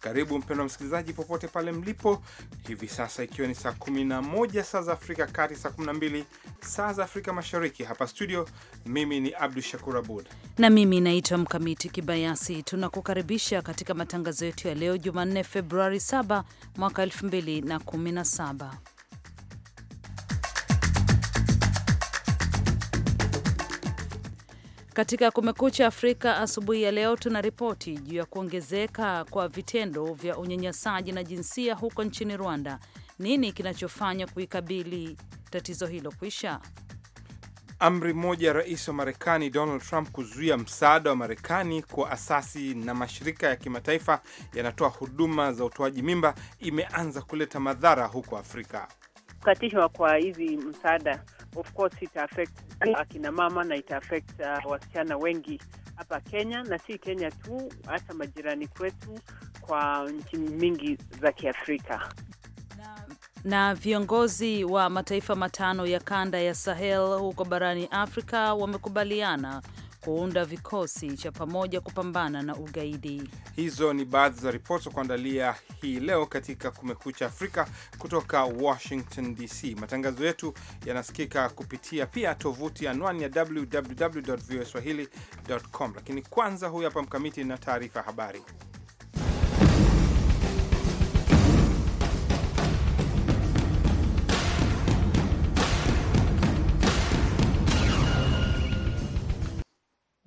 Karibu mpendwa msikilizaji, popote pale mlipo hivi sasa, ikiwa ni saa 11 saa za Afrika Kati, saa 12 saa za Afrika Mashariki. Hapa studio, mimi ni Abdu Shakur Abud na mimi naitwa Mkamiti Kibayasi. Tunakukaribisha katika matangazo yetu ya leo Jumanne, Februari 7 mwaka 2017. Katika Kumekucha Afrika asubuhi ya leo, tuna ripoti juu ya kuongezeka kwa vitendo vya unyanyasaji na jinsia huko nchini Rwanda. Nini kinachofanya kuikabili tatizo hilo kuisha? Amri moja ya rais wa Marekani Donald Trump kuzuia msaada wa Marekani kwa asasi na mashirika ya kimataifa yanatoa huduma za utoaji mimba imeanza kuleta madhara huko Afrika kukatishwa kwa hizi msaada, of course ita affect akina mama na ita affect uh, wasichana wengi hapa Kenya na si Kenya tu, hata majirani kwetu kwa nchi mingi za Kiafrika na viongozi wa mataifa matano ya kanda ya Sahel huko barani Afrika wamekubaliana kuunda vikosi cha pamoja kupambana na ugaidi. Hizo ni baadhi za ripoti za kuandalia hii leo katika Kumekucha Afrika kutoka Washington DC. Matangazo yetu yanasikika kupitia pia tovuti anwani ya www voa com, lakini kwanza, huyu hapa Mkamiti na taarifa ya habari.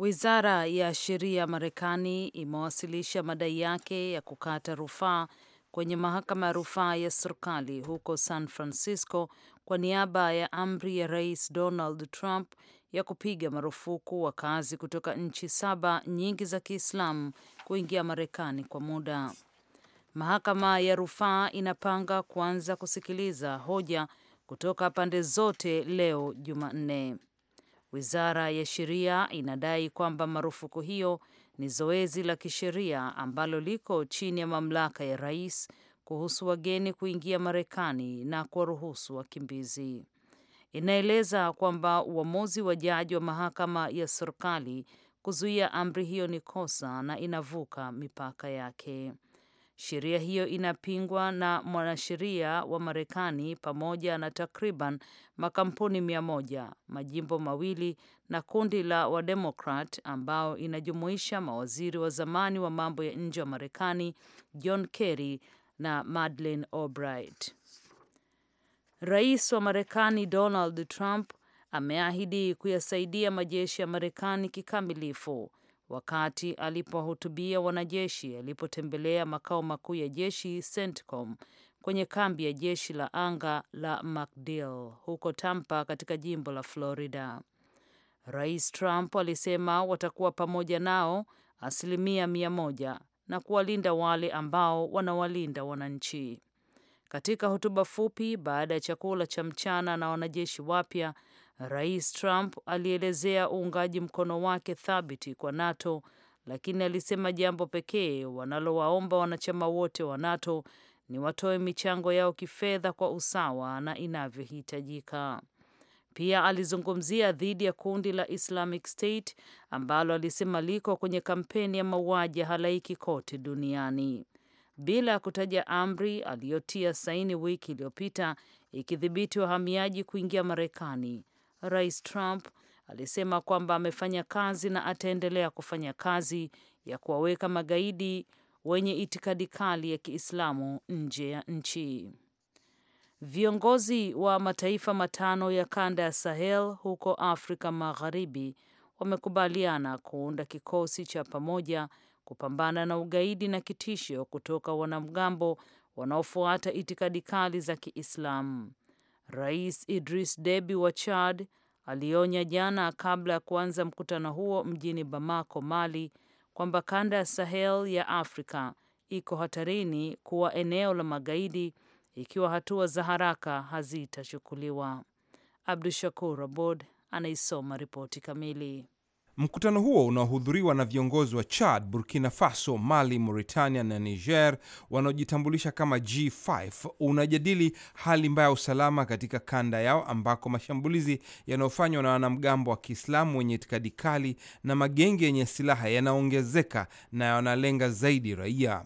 Wizara ya sheria Marekani imewasilisha madai yake ya kukata rufaa kwenye mahakama ya rufaa ya serikali huko San Francisco kwa niaba ya amri ya Rais Donald Trump ya kupiga marufuku wakazi kutoka nchi saba nyingi za Kiislamu kuingia Marekani kwa muda. Mahakama ya rufaa inapanga kuanza kusikiliza hoja kutoka pande zote leo Jumanne. Wizara ya Sheria inadai kwamba marufuku hiyo ni zoezi la kisheria ambalo liko chini ya mamlaka ya rais kuhusu wageni kuingia Marekani na kuwaruhusu wakimbizi. Inaeleza kwamba uamuzi wa jaji wa mahakama ya serikali kuzuia amri hiyo ni kosa na inavuka mipaka yake. Sheria hiyo inapingwa na mwanasheria wa Marekani pamoja na takriban makampuni mia moja, majimbo mawili na kundi la Wademokrat ambao inajumuisha mawaziri wa zamani wa mambo ya nje wa Marekani John Kerry na Madeleine Albright. Rais wa Marekani Donald Trump ameahidi kuyasaidia majeshi ya Marekani kikamilifu wakati alipowahutubia wanajeshi alipotembelea makao makuu ya jeshi CENTCOM kwenye kambi ya jeshi la anga la MacDill huko Tampa katika jimbo la Florida. Rais Trump alisema watakuwa pamoja nao asilimia mia moja na kuwalinda wale ambao wanawalinda wananchi. Katika hotuba fupi baada ya chakula cha mchana na wanajeshi wapya, Rais Trump alielezea uungaji mkono wake thabiti kwa NATO, lakini alisema jambo pekee wanalowaomba wanachama wote wa NATO ni watoe michango yao kifedha kwa usawa na inavyohitajika. Pia alizungumzia dhidi ya kundi la Islamic State ambalo alisema liko kwenye kampeni ya mauaji ya halaiki kote duniani, bila ya kutaja amri aliyotia saini wiki iliyopita ikidhibiti wahamiaji kuingia Marekani Rais Trump alisema kwamba amefanya kazi na ataendelea kufanya kazi ya kuwaweka magaidi wenye itikadi kali ya Kiislamu nje ya nchi. Viongozi wa mataifa matano ya kanda ya Sahel huko Afrika Magharibi wamekubaliana kuunda kikosi cha pamoja kupambana na ugaidi na kitisho kutoka wanamgambo wanaofuata itikadi kali za Kiislamu. Rais Idris Deby wa Chad alionya jana kabla ya kuanza mkutano huo mjini Bamako, Mali, kwamba kanda ya Sahel ya Afrika iko hatarini kuwa eneo la magaidi ikiwa hatua za haraka hazitachukuliwa. Abdu Shakur Abod anaisoma ripoti kamili. Mkutano huo unaohudhuriwa na viongozi wa Chad, Burkina Faso, Mali, Mauritania na Niger wanaojitambulisha kama G5 unajadili hali mbaya ya usalama katika kanda yao ambako mashambulizi yanayofanywa na wanamgambo wa Kiislamu wenye itikadi kali na magenge yenye silaha yanaongezeka na yanalenga zaidi raia.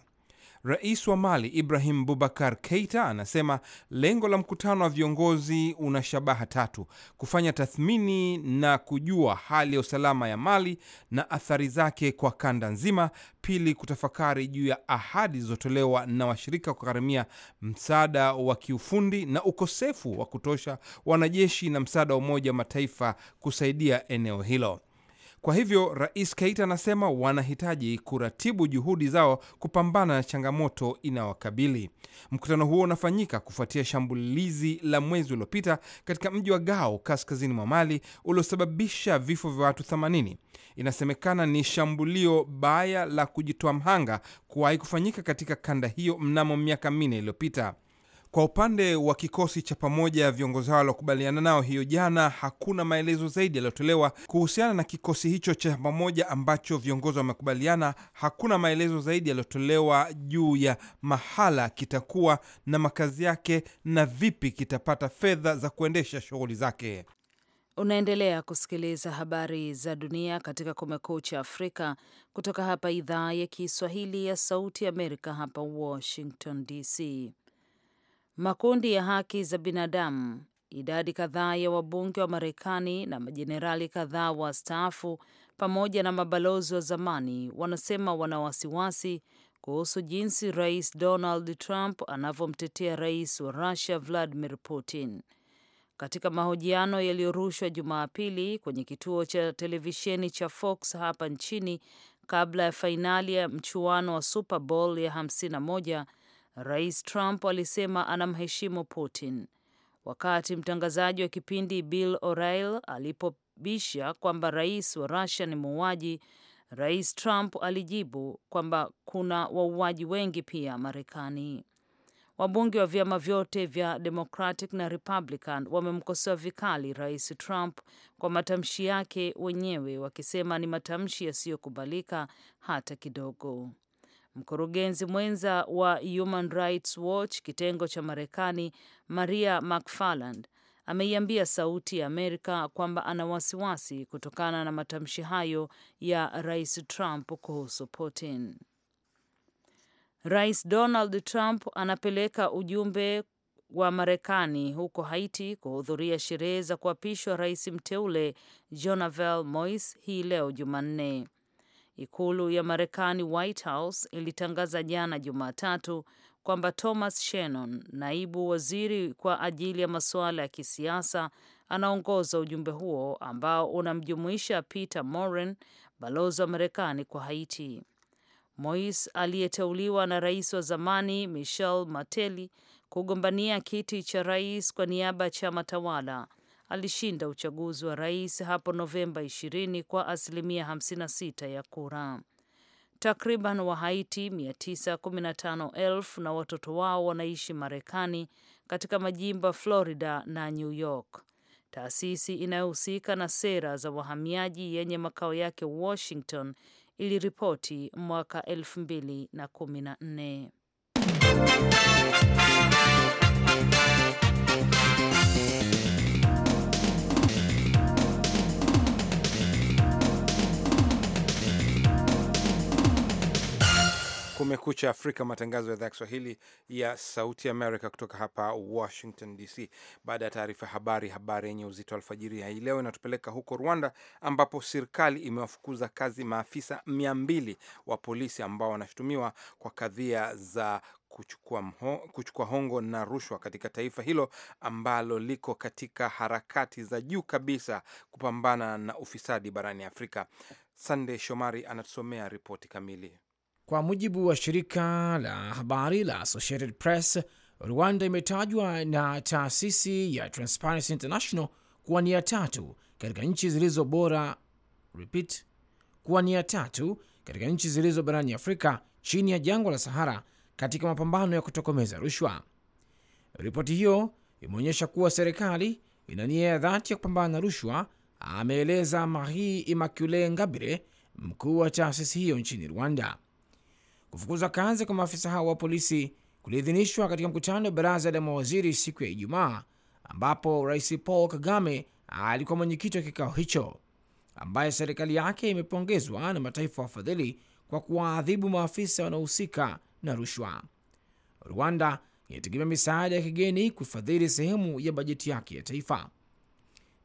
Rais wa Mali Ibrahim bubakar Keita anasema lengo la mkutano wa viongozi una shabaha tatu: kufanya tathmini na kujua hali ya usalama ya Mali na athari zake kwa kanda nzima; pili, kutafakari juu ya ahadi zilizotolewa na washirika kugharamia msaada wa kiufundi na ukosefu wa kutosha wanajeshi na msaada wa Umoja wa Mataifa kusaidia eneo hilo. Kwa hivyo Rais Keita anasema wanahitaji kuratibu juhudi zao kupambana na changamoto inayowakabili. Mkutano huo unafanyika kufuatia shambulizi la mwezi uliopita katika mji wa Gao kaskazini mwa Mali uliosababisha vifo vya watu 80. Inasemekana ni shambulio baya la kujitoa mhanga kuwahi kufanyika katika kanda hiyo mnamo miaka minne iliyopita. Kwa upande wa kikosi cha pamoja viongozi hao waliokubaliana nao hiyo jana, hakuna maelezo zaidi yaliyotolewa kuhusiana na kikosi hicho cha pamoja ambacho viongozi wamekubaliana. Hakuna maelezo zaidi yaliyotolewa juu ya mahala kitakuwa na makazi yake na vipi kitapata fedha za kuendesha shughuli zake. Unaendelea kusikiliza habari za dunia katika Kumekucha Afrika kutoka hapa idhaa ya Kiswahili ya Sauti ya Amerika, hapa Washington DC. Makundi ya haki za binadamu, idadi kadhaa ya wabunge wa Marekani na majenerali kadhaa wastaafu pamoja na mabalozi wa zamani wanasema wana wasiwasi kuhusu jinsi Rais Donald Trump anavyomtetea Rais wa Russia Vladimir Putin. Katika mahojiano yaliyorushwa Jumapili kwenye kituo cha televisheni cha Fox hapa nchini kabla ya fainali ya mchuano wa Super Bowl ya Rais Trump alisema anamheshimu Putin. Wakati mtangazaji wa kipindi Bill O'Reilly alipobisha kwamba rais wa Russia ni muuaji, Rais Trump alijibu kwamba kuna wauaji wengi pia Marekani. Wabunge wa vyama vyote vya Democratic na Republican wamemkosoa vikali Rais Trump kwa matamshi yake wenyewe, wakisema ni matamshi yasiyokubalika hata kidogo. Mkurugenzi mwenza wa Human Rights Watch kitengo cha Marekani, Maria McFarland ameiambia Sauti ya Amerika kwamba ana wasiwasi kutokana na matamshi hayo ya Rais Trump kuhusu Putin. Rais Donald Trump anapeleka ujumbe wa Marekani huko Haiti kuhudhuria sherehe za kuapishwa rais mteule Jovenel Moise hii leo Jumanne. Ikulu ya Marekani, White House, ilitangaza jana Jumatatu kwamba Thomas Shannon, naibu waziri kwa ajili ya masuala ya kisiasa, anaongoza ujumbe huo ambao unamjumuisha Peter Moran, balozi wa Marekani kwa Haiti. Mois aliyeteuliwa na rais wa zamani Michel Mateli kugombania kiti cha rais kwa niaba ya chama tawala alishinda uchaguzi wa rais hapo Novemba 20 kwa asilimia 56 ya kura. Takriban Wahaiti 915,000 na watoto wao wanaishi Marekani katika majimbo Florida na New York. Taasisi inayohusika na sera za wahamiaji yenye makao yake Washington iliripoti mwaka 2014. Kumekucha Afrika, matangazo ya idhaa ya Kiswahili ya Sauti Amerika kutoka hapa Washington DC. Baada ya taarifa habari, habari yenye uzito wa alfajiri hii leo inatupeleka huko Rwanda, ambapo serikali imewafukuza kazi maafisa mia mbili wa polisi ambao wanashutumiwa kwa kadhia za kuchukua, mho, kuchukua hongo na rushwa katika taifa hilo ambalo liko katika harakati za juu kabisa kupambana na ufisadi barani Afrika. Sande Shomari anatusomea ripoti kamili. Kwa mujibu wa shirika la habari la Associated Press, Rwanda imetajwa na taasisi ya Transparency International kuwa ni ya tatu katika nchi zilizo bora, repeat, kuwa ni ya tatu katika nchi zilizo barani Afrika chini ya jangwa la Sahara katika mapambano ya kutokomeza rushwa. Ripoti hiyo imeonyesha kuwa serikali ina nia ya dhati ya kupambana na rushwa, ameeleza Marie Immaculee Ngabire, mkuu wa taasisi hiyo nchini Rwanda. Kufukuzwa kazi kwa maafisa hao wa polisi kuliidhinishwa katika mkutano wa baraza la mawaziri siku ya Ijumaa, ambapo Rais Paul Kagame alikuwa mwenyekiti wa kikao hicho, ambaye serikali yake imepongezwa na mataifa wafadhili kwa kuwaadhibu maafisa wanaohusika na rushwa. Rwanda inategemea misaada ya kigeni kufadhili sehemu ya bajeti yake ya taifa.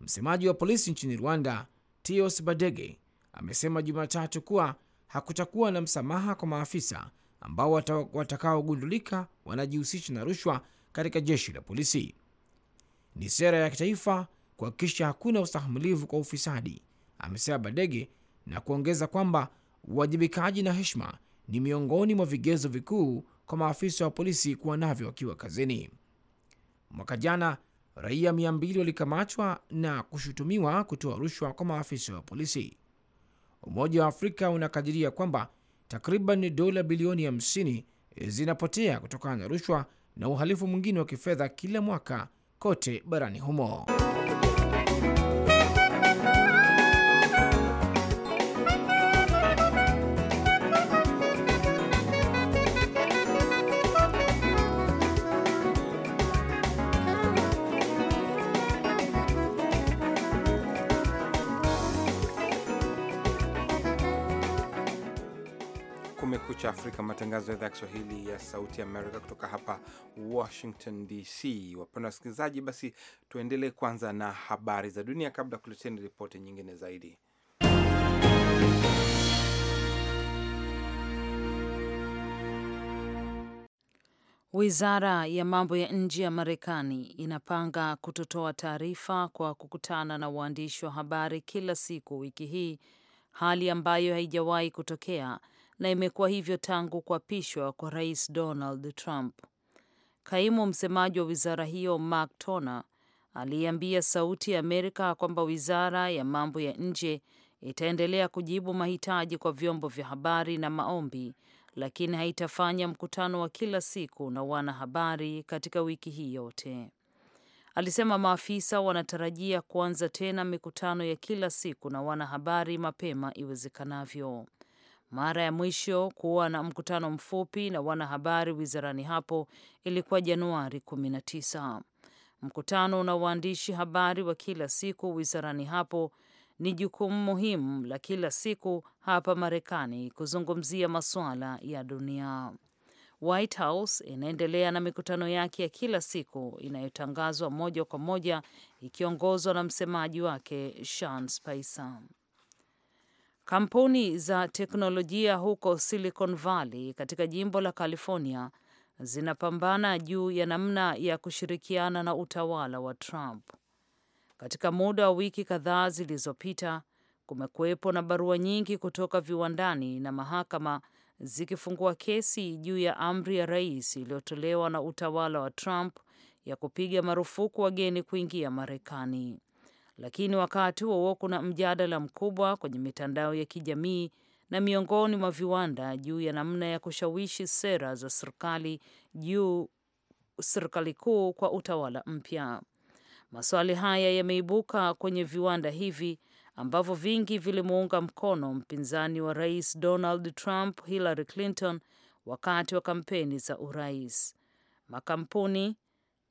Msemaji wa polisi nchini Rwanda, Tios Badege, amesema Jumatatu kuwa hakutakuwa na msamaha kwa maafisa ambao watakaogundulika wanajihusisha na rushwa katika jeshi la polisi. Ni sera ya kitaifa kuhakikisha hakuna ustahimilivu kwa ufisadi, amesema Badege na kuongeza kwamba uwajibikaji na heshima ni miongoni mwa vigezo vikuu kwa maafisa wa polisi kuwa navyo wakiwa kazini. Mwaka jana raia mia walikamatwa na kushutumiwa kutoa rushwa kwa maafisa wa polisi. Umoja wa Afrika unakadiria kwamba takriban dola bilioni 50 zinapotea kutokana na rushwa na uhalifu mwingine wa kifedha kila mwaka kote barani humo. Kumekucha Afrika, matangazo ya idhaa ya Kiswahili ya Sauti Amerika kutoka hapa Washington DC. Wapenda wasikilizaji, basi tuendelee kwanza na habari za dunia kabla ya kuleteni ripoti nyingine zaidi. Wizara ya mambo ya nje ya Marekani inapanga kutotoa taarifa kwa kukutana na waandishi wa habari kila siku wiki hii, hali ambayo haijawahi kutokea na imekuwa hivyo tangu kuapishwa kwa Rais Donald Trump. Kaimu msemaji wa wizara hiyo Mark Toner aliambia Sauti ya Amerika kwamba wizara ya mambo ya nje itaendelea kujibu mahitaji kwa vyombo vya habari na maombi, lakini haitafanya mkutano wa kila siku na wanahabari katika wiki hii yote. Alisema maafisa wanatarajia kuanza tena mikutano ya kila siku na wanahabari mapema iwezekanavyo. Mara ya mwisho kuwa na mkutano mfupi na wanahabari wizarani hapo ilikuwa Januari 19. Mkutano na waandishi habari wa kila siku wizarani hapo ni jukumu muhimu la kila siku hapa Marekani kuzungumzia masuala ya dunia. White House inaendelea na mikutano yake ya kila siku inayotangazwa moja kwa moja ikiongozwa na msemaji wake Sean Spicer. Kampuni za teknolojia huko Silicon Valley katika jimbo la California zinapambana juu ya namna ya kushirikiana na utawala wa Trump. Katika muda wa wiki kadhaa zilizopita, kumekuwepo na barua nyingi kutoka viwandani na mahakama zikifungua kesi juu ya amri ya rais iliyotolewa na utawala wa Trump ya kupiga marufuku wageni kuingia Marekani lakini wakati huo kuna mjadala mkubwa kwenye mitandao ya kijamii na miongoni mwa viwanda juu ya namna ya kushawishi sera za serikali juu serikali kuu kwa utawala mpya. Maswali haya yameibuka kwenye viwanda hivi ambavyo vingi vilimuunga mkono mpinzani wa rais Donald Trump, Hillary Clinton, wakati wa kampeni za urais. Makampuni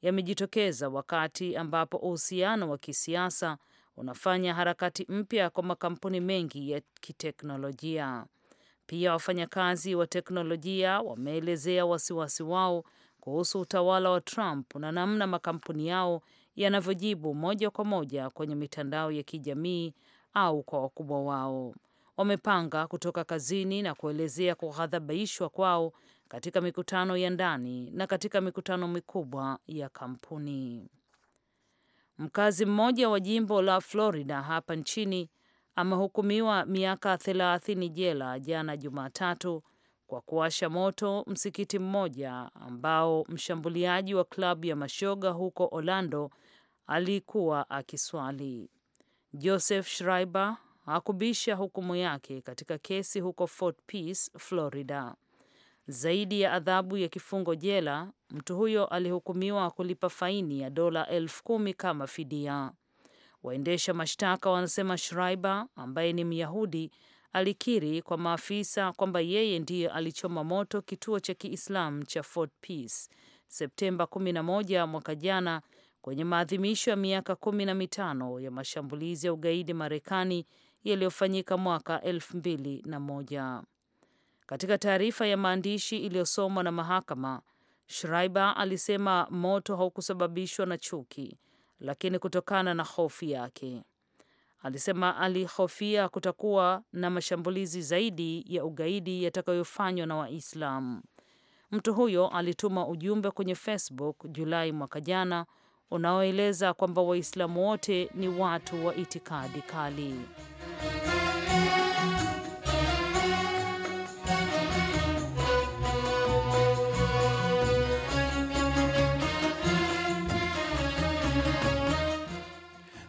yamejitokeza wakati ambapo uhusiano wa kisiasa unafanya harakati mpya kwa makampuni mengi ya kiteknolojia. Pia wafanyakazi wa teknolojia wameelezea wasiwasi wao kuhusu utawala wa Trump na namna makampuni yao yanavyojibu moja kwa moja kwenye mitandao ya kijamii au kwa wakubwa wao. Wamepanga kutoka kazini na kuelezea kughadhabishwa kwao katika mikutano ya ndani na katika mikutano mikubwa ya kampuni. Mkazi mmoja wa jimbo la Florida hapa nchini amehukumiwa miaka thelathini jela jana Jumatatu kwa kuwasha moto msikiti mmoja ambao mshambuliaji wa klabu ya mashoga huko Orlando alikuwa akiswali. Joseph Schreiber hakubisha hukumu yake katika kesi huko Fort Pierce, Florida. Zaidi ya adhabu ya kifungo jela, mtu huyo alihukumiwa kulipa faini ya dola elfu kumi kama fidia. Waendesha mashtaka wanasema Schreiber ambaye ni Myahudi alikiri kwa maafisa kwamba yeye ndiye alichoma moto kituo cha Kiislamu cha Fort Peace Septemba 11 mwaka jana kwenye maadhimisho ya miaka kumi na mitano ya mashambulizi ya ugaidi Marekani yaliyofanyika mwaka elfu mbili na moja. Katika taarifa ya maandishi iliyosomwa na mahakama, shraiba alisema moto haukusababishwa na chuki, lakini kutokana na hofu yake. Alisema alihofia kutakuwa na mashambulizi zaidi ya ugaidi yatakayofanywa na Waislamu. Mtu huyo alituma ujumbe kwenye Facebook Julai mwaka jana unaoeleza kwamba Waislamu wote ni watu wa itikadi kali.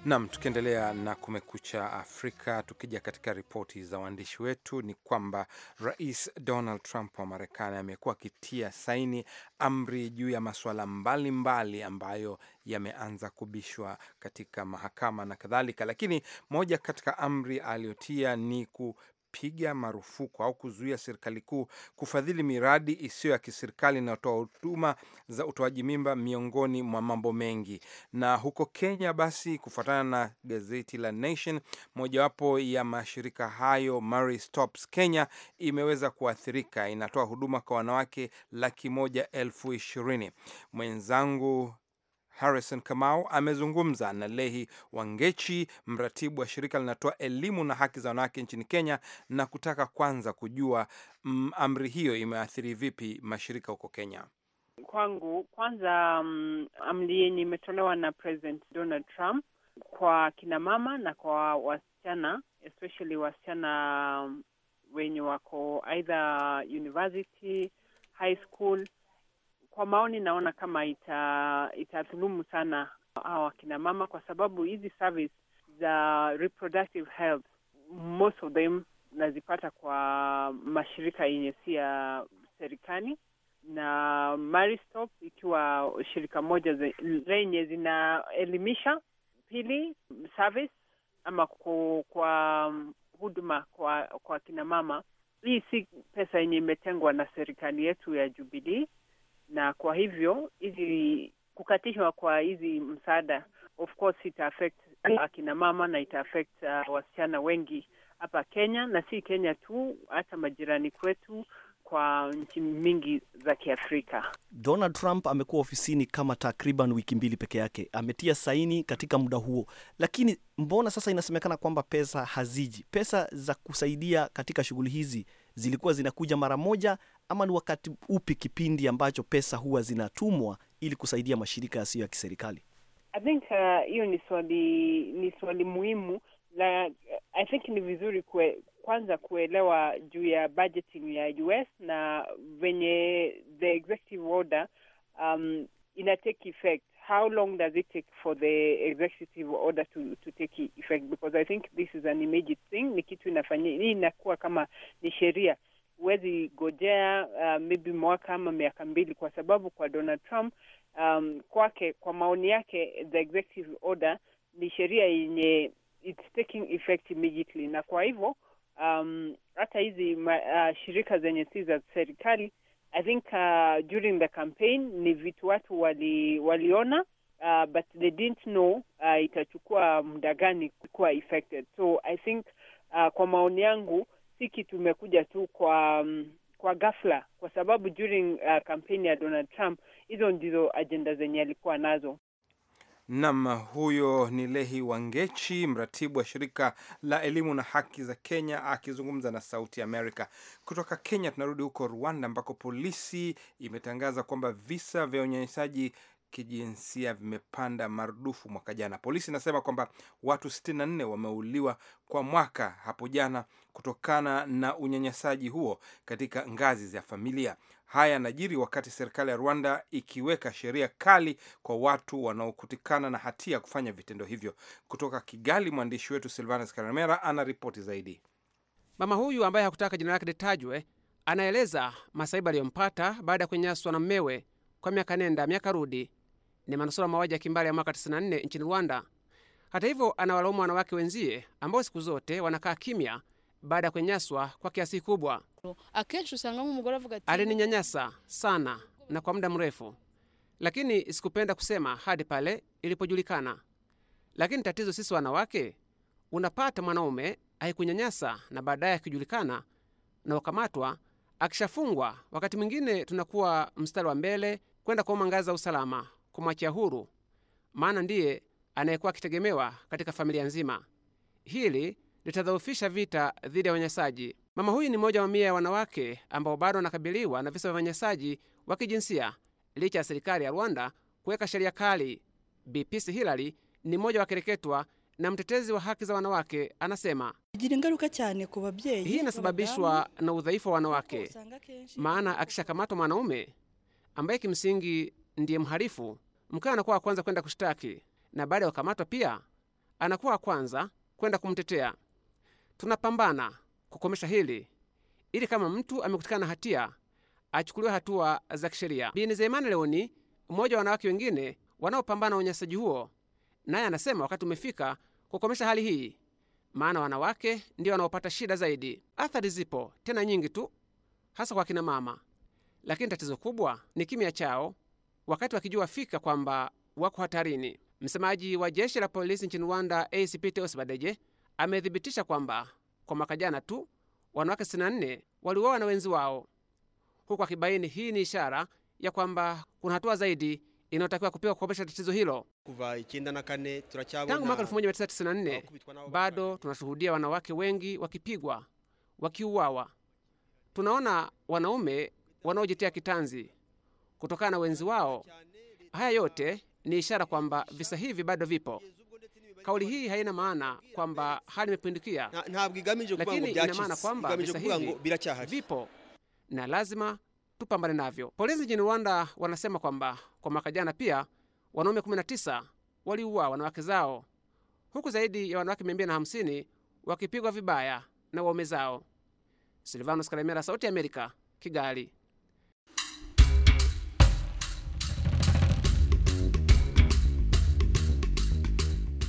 Nam, tukiendelea na Kumekucha Afrika, tukija katika ripoti za waandishi wetu ni kwamba Rais Donald Trump wa Marekani amekuwa akitia saini amri juu ya masuala mbalimbali ambayo yameanza kubishwa katika mahakama na kadhalika, lakini moja katika amri aliyotia ni ku kupiga marufuku au kuzuia serikali kuu kufadhili miradi isiyo ya kiserikali inayotoa huduma za utoaji mimba miongoni mwa mambo mengi. Na huko Kenya basi, kufuatana na gazeti la Nation, mojawapo ya mashirika hayo Mary Stops Kenya imeweza kuathirika. Inatoa huduma kwa wanawake laki moja elfu ishirini. Mwenzangu Harrison Kamau amezungumza na Lehi Wangechi, mratibu wa shirika linatoa elimu na haki za wanawake nchini Kenya, na kutaka kwanza kujua mm, amri hiyo imeathiri vipi mashirika huko Kenya. Kwangu kwanza, um, amri yenye imetolewa na President Donald Trump kwa kina mama na kwa wasichana especially wasichana mm, wenye wako either university, high school kwa maoni naona kama ita itadhulumu sana hawa akina mama, kwa sababu hizi service za reproductive health most of them nazipata kwa mashirika yenye si ya serikali na Maristop ikiwa shirika moja lenye zinaelimisha. Pili, service ama kwa huduma kwa kwa kina mama, hii si pesa yenye imetengwa na serikali yetu ya Jubilii na kwa hivyo hizi kukatishwa kwa hizi msaada of course ita affect uh, akina mama na ita affect uh, wasichana wengi hapa Kenya na si Kenya tu, hata majirani kwetu kwa nchi mingi za Kiafrika. Donald Trump amekuwa ofisini kama takriban wiki mbili peke yake, ametia saini katika muda huo, lakini mbona sasa inasemekana kwamba pesa haziji? Pesa za kusaidia katika shughuli hizi zilikuwa zinakuja mara moja ama ni wakati upi kipindi ambacho pesa huwa zinatumwa ili kusaidia mashirika yasiyo ya kiserikali? I think uh, hiyo uh, ni swali ni swali muhimu na uh, I think ni vizuri kwe, kwanza kuelewa juu ya budgeting ya US na venye the executive order um, ina take effect how long does it take for the executive order to, to take effect because I think this is an immediate thing ni kitu inafanya hii inakuwa kama ni sheria huwezi gojea uh, maybe mwaka ama miaka mbili, kwa sababu kwa Donald Trump um, kwake, kwa maoni yake, the executive order ni sheria yenye it's taking effect immediately, na kwa hivyo um, hata hizi uh, shirika zenye si za serikali I think uh, during the campaign ni vitu watu wali, waliona uh, but they didn't know uh, itachukua muda gani kuwa affected so I think uh, kwa maoni yangu si kitu imekuja tu kwa um, kwa ghafla, kwa sababu during kampeni uh, ya Donald Trump hizo ndizo ajenda zenye alikuwa nazo. Nam, huyo ni Lehi Wangechi, mratibu wa shirika la elimu na haki za Kenya akizungumza na Sauti Amerika kutoka Kenya. Tunarudi huko Rwanda ambako polisi imetangaza kwamba visa vya unyanyasaji kijinsia vimepanda marudufu mwaka jana. Polisi inasema kwamba watu 64 wameuliwa kwa mwaka hapo jana kutokana na unyanyasaji huo katika ngazi za familia. Haya yanajiri wakati serikali ya Rwanda ikiweka sheria kali kwa watu wanaokutikana na hatia ya kufanya vitendo hivyo. Kutoka Kigali, mwandishi wetu Silvanus Karamera ana ripoti zaidi. Mama huyu ambaye hakutaka jina lake litajwe anaeleza masaibu aliyompata baada ya kunyanyaswa na mmewe kwa miaka nenda miaka rudi ni manusura mauaji ya kimbali ya mwaka 94 nchini Rwanda. Hata hivyo, anawalaumu wanawake wenzie ambao siku zote wanakaa kimya baada ya kunyanyaswa kwa kiasi kikubwa. Alininyanyasa sana na kwa muda mrefu, lakini sikupenda kusema hadi pale ilipojulikana. Lakini tatizo sisi wanawake, unapata mwanaume haikunyanyasa na baadaye akijulikana na wakamatwa, akishafungwa, wakati mwingine tunakuwa mstari wa mbele kwenda kwa ngazi za usalama kumwachia huru, maana ndiye anayekuwa akitegemewa katika familia nzima. Hili litadhoofisha vita dhidi ya unyanyasaji. Mama huyu ni mmoja wa mia ya wanawake ambao bado wanakabiliwa na visa vya unyanyasaji wa kijinsia licha ya serikali ya Rwanda kuweka sheria kali. Bi Hilary ni mmoja wa kereketwa na mtetezi wa haki za wanawake anasema, hii inasababishwa na udhaifu wa wanawake, maana akishakamatwa mwanaume ambaye kimsingi ndiye mhalifu, mkewe anakuwa wa kwanza kwenda kushtaki, na baada ya kukamatwa pia anakuwa wa kwanza kwenda kumtetea. Tunapambana kukomesha hili ili kama mtu amekutikana na hatia achukuliwe hatua za kisheria. Bi leoni mmoja wa wanawake wengine wanaopambana na unyanyasaji huo, naye anasema wakati umefika kukomesha hali hii, maana wanawake ndio wanaopata shida zaidi. Athari zipo tena nyingi tu, hasa kwa kina mama, lakini tatizo kubwa ni kimya chao wakati wakijua fika kwamba wako hatarini. Msemaji wa jeshi la polisi nchini Rwanda, ACP Teos Badeje, amethibitisha kwamba kwa mwaka jana tu wanawake 64 waliuawa na wenzi wao, huku akibaini hii ni ishara ya kwamba kuna hatua zaidi inayotakiwa kupigwa kukomesha tatizo hilo. Tangu mwaka 1994 bado tunashuhudia wanawake wengi wakipigwa, wakiuawa. Tunaona wanaume wanaojitia kitanzi kutokana na wenzi wao. Haya yote ni ishara kwamba visa hivi bado vipo. Kauli hii haina maana kwamba hali imepindukia, lakini ina maana kwamba visa hivi vipo na lazima tupambane navyo. Polisi nchini Rwanda wanasema kwamba kwa mwaka jana pia wanaume 19 waliua wanawake zao, huku zaidi ya wanawake 250 wakipigwa vibaya na waume zao. Silvanos Kalemera, Sauti ya Amerika, Kigali.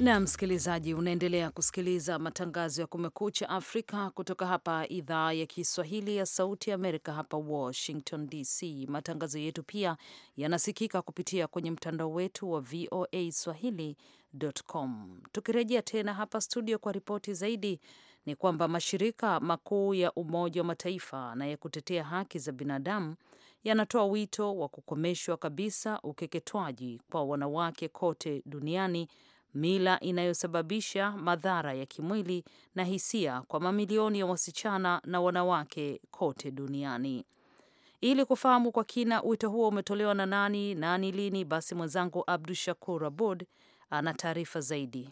na msikilizaji, unaendelea kusikiliza matangazo ya Kumekucha Afrika kutoka hapa idhaa ya Kiswahili ya Sauti ya Amerika, hapa Washington DC. Matangazo yetu pia yanasikika kupitia kwenye mtandao wetu wa VOA Swahili.com. Tukirejea tena hapa studio kwa ripoti zaidi, ni kwamba mashirika makuu ya Umoja wa Mataifa na ya kutetea haki za binadamu yanatoa wito wa kukomeshwa kabisa ukeketwaji kwa wanawake kote duniani mila inayosababisha madhara ya kimwili na hisia kwa mamilioni ya wasichana na wanawake kote duniani. Ili kufahamu kwa kina wito huo umetolewa na nani na ni lini, basi mwenzangu Abdu Shakur Abud ana taarifa zaidi.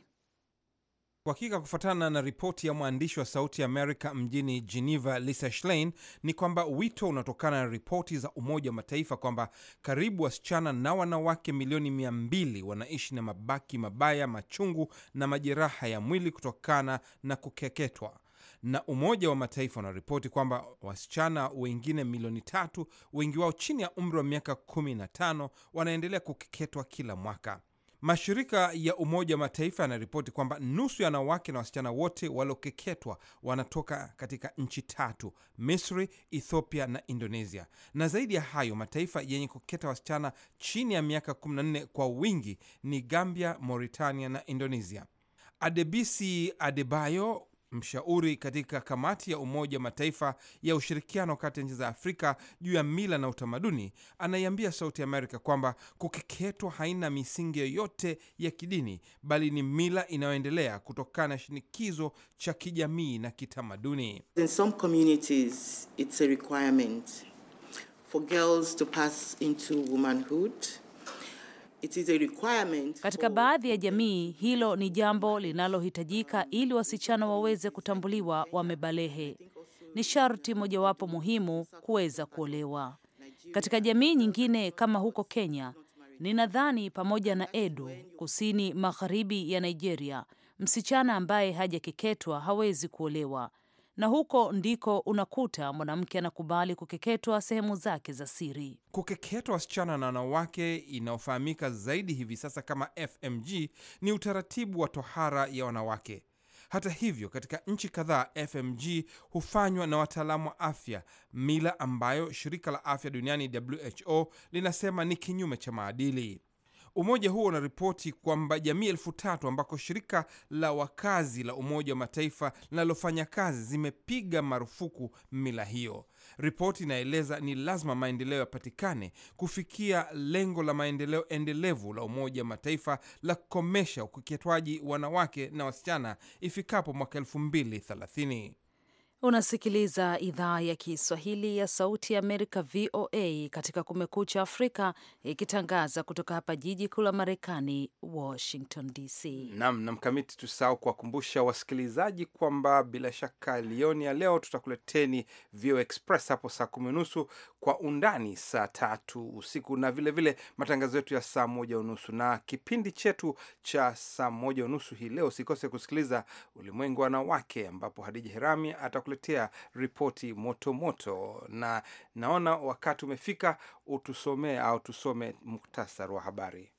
Kwa hakika kufuatana na ripoti ya mwandishi wa Sauti Amerika mjini Geneva, Lisa Schlein, ni kwamba wito unatokana na ripoti za Umoja wa Mataifa kwamba karibu wasichana na wanawake milioni mia mbili wanaishi na mabaki mabaya, machungu na majeraha ya mwili kutokana na kukeketwa na Umoja wa Mataifa unaripoti kwamba wasichana wengine milioni tatu, wengi wao chini ya umri wa miaka 15, wanaendelea kukeketwa kila mwaka. Mashirika ya Umoja wa Mataifa yanaripoti kwamba nusu ya wanawake na wasichana wote waliokeketwa wanatoka katika nchi tatu: Misri, Ethiopia na Indonesia. Na zaidi ya hayo, mataifa yenye kukeketa wasichana chini ya miaka 14 kwa wingi ni Gambia, Mauritania na Indonesia. Adebisi Adebayo mshauri katika kamati ya Umoja Mataifa ya ushirikiano kati ya nchi za Afrika juu ya mila na utamaduni, anaiambia Sauti Amerika kwamba kukeketwa haina misingi yoyote ya kidini, bali ni mila inayoendelea kutokana na shinikizo cha kijamii na kitamaduni. In some communities it's a requirement for girls to pass into womanhood It is a requirement. Katika baadhi ya jamii hilo ni jambo linalohitajika ili wasichana waweze kutambuliwa wamebalehe. Ni sharti mojawapo muhimu kuweza kuolewa. Katika jamii nyingine kama huko Kenya, ninadhani pamoja na Edo, kusini magharibi ya Nigeria, msichana ambaye hajakeketwa hawezi kuolewa na huko ndiko unakuta mwanamke anakubali kukeketwa sehemu zake za siri. Kukeketwa wasichana na wanawake inayofahamika zaidi hivi sasa kama FMG ni utaratibu wa tohara ya wanawake. Hata hivyo, katika nchi kadhaa FMG hufanywa na wataalamu wa afya, mila ambayo shirika la afya duniani WHO linasema ni kinyume cha maadili. Umoja huo unaripoti kwamba jamii elfu tatu ambako shirika la wakazi la Umoja wa Mataifa linalofanya kazi zimepiga marufuku mila hiyo. Ripoti inaeleza ni lazima maendeleo yapatikane kufikia lengo la maendeleo endelevu la Umoja wa Mataifa la kukomesha ukeketwaji wanawake na wasichana ifikapo mwaka thelathini. Unasikiliza idhaa ya Kiswahili ya Sauti ya Amerika, VOA, katika Kumekucha Afrika, ikitangaza kutoka hapa jiji kuu la Marekani, Washington DC. Nam na Mkamiti, tusahau kuwakumbusha wasikilizaji kwamba bila shaka lioni ya leo tutakuleteni VOA Express hapo saa kumi unusu kwa undani saa tatu usiku na vilevile vile matangazo yetu ya saa moja unusu na kipindi chetu cha saa moja unusu hii leo. Usikose kusikiliza Ulimwengu Wanawake, ambapo Hadija Herami ata tutakuletea ripoti motomoto, na naona wakati umefika utusomee au tusome muktasar wa habari.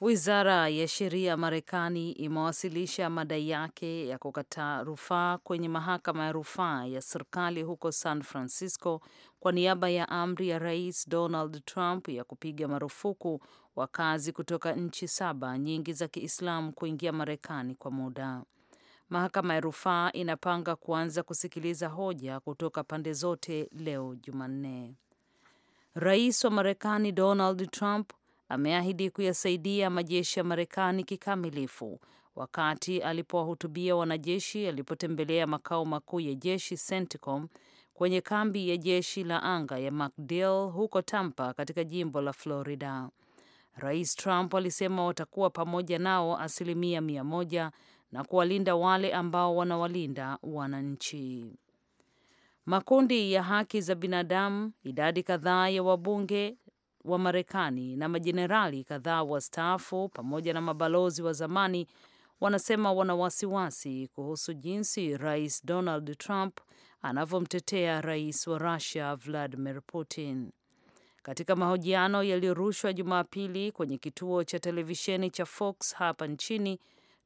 Wizara ya sheria ya Marekani imewasilisha madai yake ya kukataa rufaa kwenye mahakama ya rufaa ya serikali huko San Francisco kwa niaba ya amri ya Rais Donald Trump ya kupiga marufuku wakazi kutoka nchi saba nyingi za Kiislamu kuingia Marekani kwa muda. Mahakama ya rufaa inapanga kuanza kusikiliza hoja kutoka pande zote leo Jumanne. Rais wa Marekani Donald Trump ameahidi kuyasaidia majeshi ya Marekani kikamilifu wakati alipowahutubia wanajeshi alipotembelea makao makuu ya jeshi CENTCOM kwenye kambi ya jeshi la anga ya MacDill huko Tampa katika jimbo la Florida. Rais Trump alisema watakuwa pamoja nao asilimia mia moja na kuwalinda wale ambao wanawalinda wananchi. Makundi ya haki za binadamu, idadi kadhaa ya wabunge wa Marekani na majenerali kadhaa wastaafu pamoja na mabalozi wa zamani wanasema wana wasiwasi kuhusu jinsi Rais Donald Trump anavyomtetea rais wa Russia Vladimir Putin. Katika mahojiano yaliyorushwa Jumapili kwenye kituo cha televisheni cha Fox hapa nchini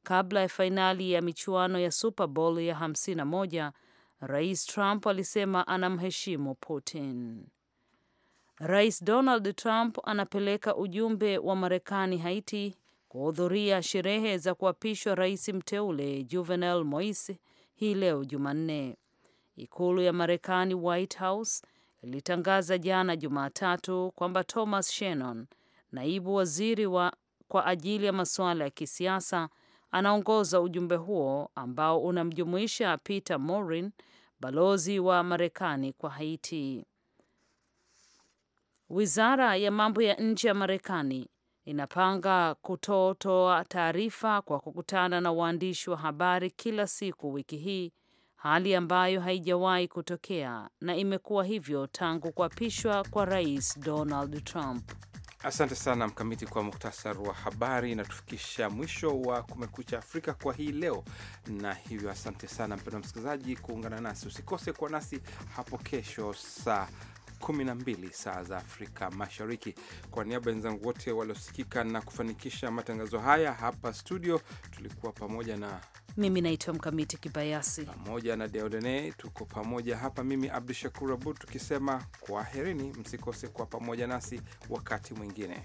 kabla ya fainali ya michuano ya Super Bowl ya 51, Rais Trump alisema anamheshimu Putin. Rais Donald Trump anapeleka ujumbe wa Marekani Haiti kuhudhuria sherehe za kuapishwa rais mteule Juvenal Moise hii leo Jumanne. Ikulu ya Marekani, White House, lilitangaza jana Jumatatu kwamba Thomas Shannon, naibu waziri wa kwa ajili ya masuala ya kisiasa, anaongoza ujumbe huo ambao unamjumuisha Peter Morin, balozi wa Marekani kwa Haiti. Wizara ya mambo ya nje ya Marekani inapanga kutotoa taarifa kwa kukutana na waandishi wa habari kila siku wiki hii hali ambayo haijawahi kutokea na imekuwa hivyo tangu kuapishwa kwa Rais Donald Trump. Asante sana Mkamiti kwa muktasari wa habari. Inatufikisha mwisho wa Kumekucha Afrika kwa hii leo, na hivyo asante sana mpendwa msikilizaji kuungana nasi. Usikose kuwa nasi hapo kesho saa 12 saa za Afrika Mashariki. Kwa niaba ya wenzangu wote waliosikika na kufanikisha matangazo haya hapa studio, tulikuwa pamoja na mimi naitwa Mkamiti Kibayasi pamoja na Deodene, tuko pamoja hapa, mimi Abdu Shakur Abud, tukisema kwaherini, msikose kwa pamoja nasi wakati mwingine.